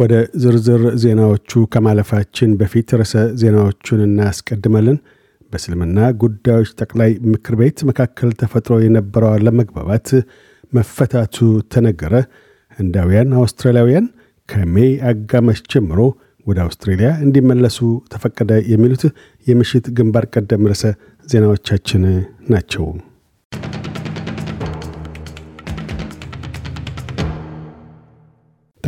ወደ ዝርዝር ዜናዎቹ ከማለፋችን በፊት ርዕሰ ዜናዎቹን እናስቀድማለን። በእስልምና ጉዳዮች ጠቅላይ ምክር ቤት መካከል ተፈጥሮ የነበረው ለመግባባት መፈታቱ ተነገረ። ህንዳውያን አውስትራሊያውያን ከሜይ አጋማሽ ጀምሮ ወደ አውስትሬልያ እንዲመለሱ ተፈቀደ። የሚሉት የምሽት ግንባር ቀደም ርዕሰ ዜናዎቻችን ናቸው።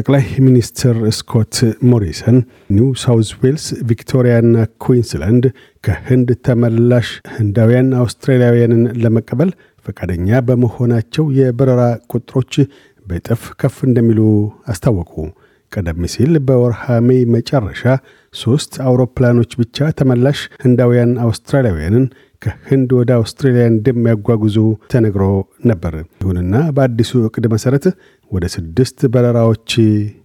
ጠቅላይ ሚኒስትር ስኮት ሞሪሰን ኒው ሳውዝ ዌልስ፣ ቪክቶሪያና ኩዊንስላንድ ከህንድ ተመላሽ ህንዳውያን አውስትራሊያውያንን ለመቀበል ፈቃደኛ በመሆናቸው የበረራ ቁጥሮች በጥፍ ከፍ እንደሚሉ አስታወቁ። ቀደም ሲል በወርሃ ሜይ መጨረሻ ሦስት አውሮፕላኖች ብቻ ተመላሽ ህንዳውያን አውስትራሊያውያንን ከህንድ ወደ አውስትራሊያ እንደሚያጓጉዙ ተነግሮ ነበር። ይሁንና በአዲሱ እቅድ መሠረት ወደ ስድስት በረራዎች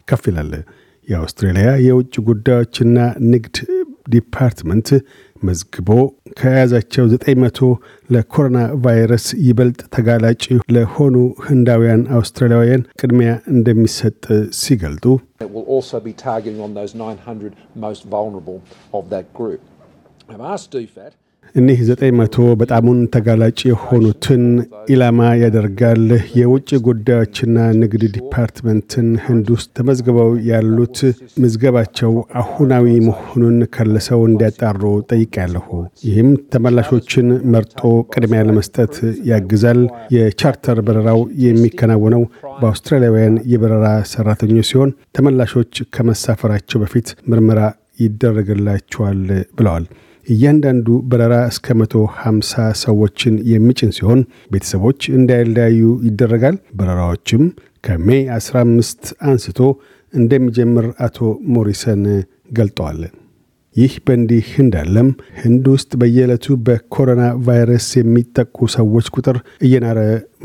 ከፍ ይላል። የአውስትሬልያ የውጭ ጉዳዮችና ንግድ ዲፓርትመንት መዝግቦ ከያዛቸው 900 ለኮሮና ቫይረስ ይበልጥ ተጋላጭ ለሆኑ ህንዳውያን አውስትራሊያውያን ቅድሚያ እንደሚሰጥ ሲገልጡ እኒህ ዘጠኝ መቶ በጣሙን ተጋላጭ የሆኑትን ኢላማ ያደርጋል። የውጭ ጉዳዮችና ንግድ ዲፓርትመንትን ህንድ ውስጥ ተመዝግበው ያሉት ምዝገባቸው አሁናዊ መሆኑን ከልሰው እንዲያጣሩ ጠይቄያለሁ። ይህም ተመላሾችን መርጦ ቅድሚያ ለመስጠት ያግዛል። የቻርተር በረራው የሚከናወነው በአውስትራሊያውያን የበረራ ሰራተኞች ሲሆን ተመላሾች ከመሳፈራቸው በፊት ምርመራ ይደረግላቸዋል ብለዋል። እያንዳንዱ በረራ እስከ 150 ሰዎችን የሚጭን ሲሆን ቤተሰቦች እንዳይለያዩ ይደረጋል። በረራዎችም ከሜ 15 አንስቶ እንደሚጀምር አቶ ሞሪሰን ገልጠዋል። ይህ በእንዲህ እንዳለም ህንድ ውስጥ በየዕለቱ በኮሮና ቫይረስ የሚጠቁ ሰዎች ቁጥር እየናረ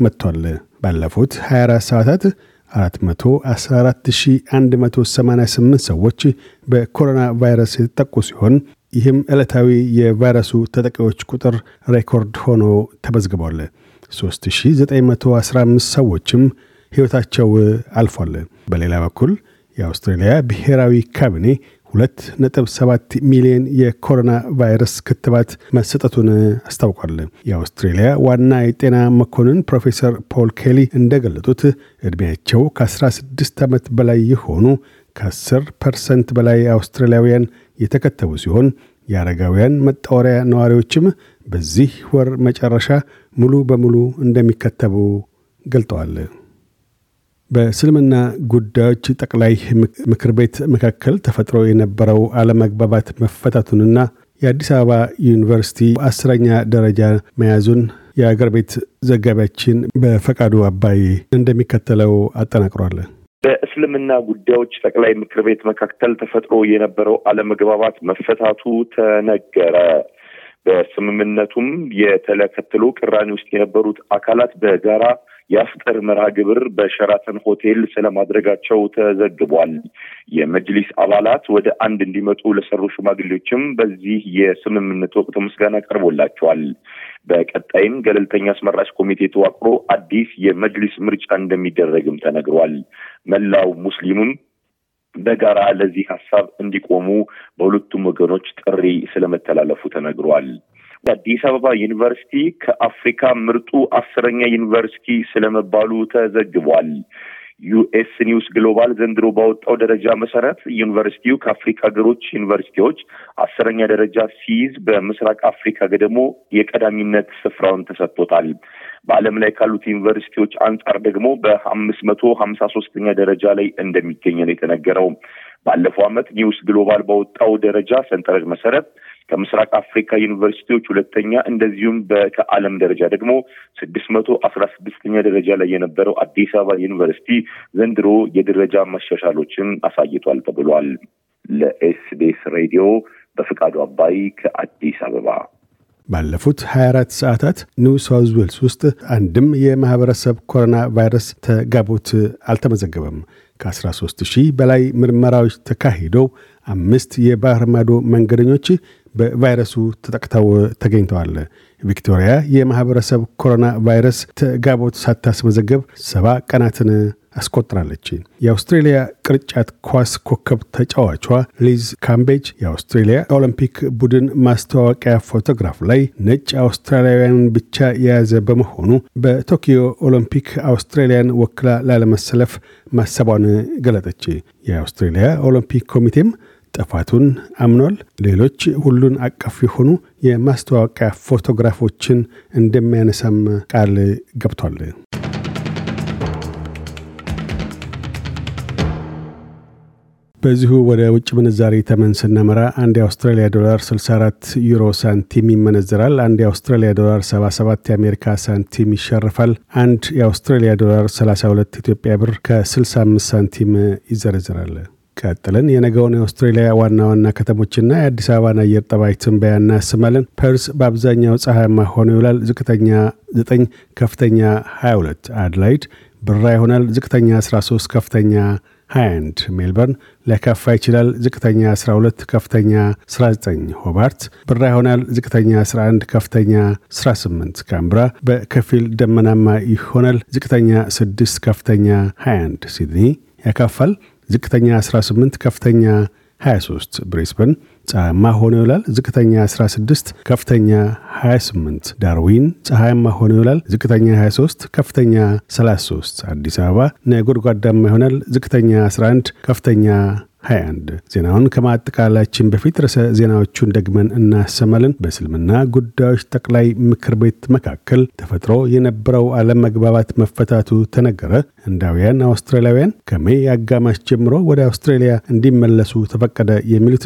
መጥቷል። ባለፉት 24 ሰዓታት 414188 ሰዎች በኮሮና ቫይረስ የተጠቁ ሲሆን ይህም ዕለታዊ የቫይረሱ ተጠቂዎች ቁጥር ሬኮርድ ሆኖ ተመዝግቧል። 3915 ሰዎችም ሕይወታቸው አልፏል። በሌላ በኩል የአውስትሬልያ ብሔራዊ ካቢኔ 2.7 ሚሊዮን የኮሮና ቫይረስ ክትባት መሰጠቱን አስታውቋል። የአውስትሬሊያ ዋና የጤና መኮንን ፕሮፌሰር ፖል ኬሊ እንደገለጡት ዕድሜያቸው ከ16 ዓመት በላይ የሆኑ ከ10 ፐርሰንት በላይ አውስትራሊያውያን የተከተቡ ሲሆን የአረጋውያን መጣወሪያ ነዋሪዎችም በዚህ ወር መጨረሻ ሙሉ በሙሉ እንደሚከተቡ ገልጠዋል። በእስልምና ጉዳዮች ጠቅላይ ምክር ቤት መካከል ተፈጥሮ የነበረው አለመግባባት መፈታቱንና የአዲስ አበባ ዩኒቨርሲቲ አስረኛ ደረጃ መያዙን የአገር ቤት ዘጋቢያችን በፈቃዱ አባይ እንደሚከተለው አጠናቅሯል። በእስልምና ጉዳዮች ጠቅላይ ምክር ቤት መካከል ተፈጥሮ የነበረው አለመግባባት መፈታቱ ተነገረ። በስምምነቱም የተለከትሎ ቅራኔ ውስጥ የነበሩት አካላት በጋራ የአፍጠር መርሃ ግብር በሸራተን ሆቴል ስለማድረጋቸው ተዘግቧል። የመጅሊስ አባላት ወደ አንድ እንዲመጡ ለሰሩ ሽማግሌዎችም በዚህ የስምምነት ወቅት ምስጋና ቀርቦላቸዋል። በቀጣይም ገለልተኛ አስመራጭ ኮሚቴ ተዋቅሮ አዲስ የመጅሊስ ምርጫ እንደሚደረግም ተነግሯል። መላው ሙስሊሙም በጋራ ለዚህ ሀሳብ እንዲቆሙ በሁለቱም ወገኖች ጥሪ ስለመተላለፉ ተነግሯል። የአዲስ አበባ ዩኒቨርሲቲ ከአፍሪካ ምርጡ አስረኛ ዩኒቨርሲቲ ስለመባሉ ተዘግቧል። ዩኤስ ኒውስ ግሎባል ዘንድሮ ባወጣው ደረጃ መሰረት ዩኒቨርሲቲው ከአፍሪካ ሀገሮች ዩኒቨርሲቲዎች አስረኛ ደረጃ ሲይዝ፣ በምስራቅ አፍሪካ ደግሞ የቀዳሚነት ስፍራውን ተሰጥቶታል። በዓለም ላይ ካሉት ዩኒቨርሲቲዎች አንጻር ደግሞ በአምስት መቶ ሀምሳ ሶስተኛ ደረጃ ላይ እንደሚገኝ ነው የተነገረው። ባለፈው ዓመት ኒውስ ግሎባል ባወጣው ደረጃ ሰንጠረዥ መሰረት ከምስራቅ አፍሪካ ዩኒቨርሲቲዎች ሁለተኛ እንደዚሁም ከዓለም ደረጃ ደግሞ ስድስት መቶ አስራ ስድስተኛ ደረጃ ላይ የነበረው አዲስ አበባ ዩኒቨርሲቲ ዘንድሮ የደረጃ መሻሻሎችን አሳይቷል ተብሏል። ለኤስቤስ ሬዲዮ በፍቃዱ አባይ ከአዲስ አበባ ባለፉት 24 ሰዓታት ኒው ሳውዝ ዌልስ ውስጥ አንድም የማህበረሰብ ኮሮና ቫይረስ ተጋቦት አልተመዘገበም። ከ13 ሺህ በላይ ምርመራዎች ተካሂደው አምስት የባህር ማዶ መንገደኞች በቫይረሱ ተጠቅተው ተገኝተዋል። ቪክቶሪያ የማህበረሰብ ኮሮና ቫይረስ ተጋቦት ሳታስመዘገብ ሰባ ቀናትን አስቆጥራለች። የአውስትሬሊያ ቅርጫት ኳስ ኮከብ ተጫዋቿ ሊዝ ካምቤጅ የአውስትሬሊያ ኦሎምፒክ ቡድን ማስተዋወቂያ ፎቶግራፍ ላይ ነጭ አውስትራሊያውያንን ብቻ የያዘ በመሆኑ በቶኪዮ ኦሎምፒክ አውስትሬሊያን ወክላ ላለመሰለፍ ማሰቧን ገለጠች። የአውስትሬሊያ ኦሎምፒክ ኮሚቴም ጥፋቱን አምኗል። ሌሎች ሁሉን አቀፍ የሆኑ የማስተዋወቂያ ፎቶግራፎችን እንደሚያነሳም ቃል ገብቷል። በዚሁ ወደ ውጭ ምንዛሪ ተመን ስነመራ አንድ የአውስትራሊያ ዶላር 64 ዩሮ ሳንቲም ይመነዝራል። አንድ የአውስትራሊያ ዶላር 77 የአሜሪካ ሳንቲም ይሸርፋል። አንድ የአውስትራሊያ ዶላር 32 ኢትዮጵያ ብር ከ65 ሳንቲም ይዘረዝራል። ቀጥለን የነገውን የአውስትሬሊያ ዋና ዋና ከተሞችና የአዲስ አበባን አየር ጠባይ ትንበያ እናስማለን። ፐርስ በአብዛኛው ፀሐያማ ሆኖ ይውላል። ዝቅተኛ 9፣ ከፍተኛ 22። አድላይድ ብራ ይሆናል። ዝቅተኛ 13፣ ከፍተኛ 21 ሜልበርን ሊያካፋ ይችላል። ዝቅተኛ 12 ከፍተኛ 19 ሆባርት ብራ ይሆናል። ዝቅተኛ 11 ከፍተኛ 18 ካምብራ በከፊል ደመናማ ይሆናል። ዝቅተኛ 6 ከፍተኛ 21 ሲድኒ ያካፋል። ዝቅተኛ 18 ከፍተኛ 23 ብሬስበን ፀሐያማ ሆኖ ይውላል። ዝቅተኛ 16፣ ከፍተኛ 28። ዳርዊን ፀሐያማ ሆኖ ይውላል። ዝቅተኛ 23፣ ከፍተኛ 33። አዲስ አበባ ነጎድጓዳማ ይሆናል። ዝቅተኛ 11፣ ከፍተኛ 21 ዜናውን ከማጠቃላችን በፊት ርዕሰ ዜናዎቹን ደግመን እናሰማለን። በእስልምና ጉዳዮች ጠቅላይ ምክር ቤት መካከል ተፈጥሮ የነበረው አለመግባባት መፈታቱ ተነገረ። ህንዳውያን አውስትራሊያውያን ከሜ አጋማሽ ጀምሮ ወደ አውስትራሊያ እንዲመለሱ ተፈቀደ። የሚሉት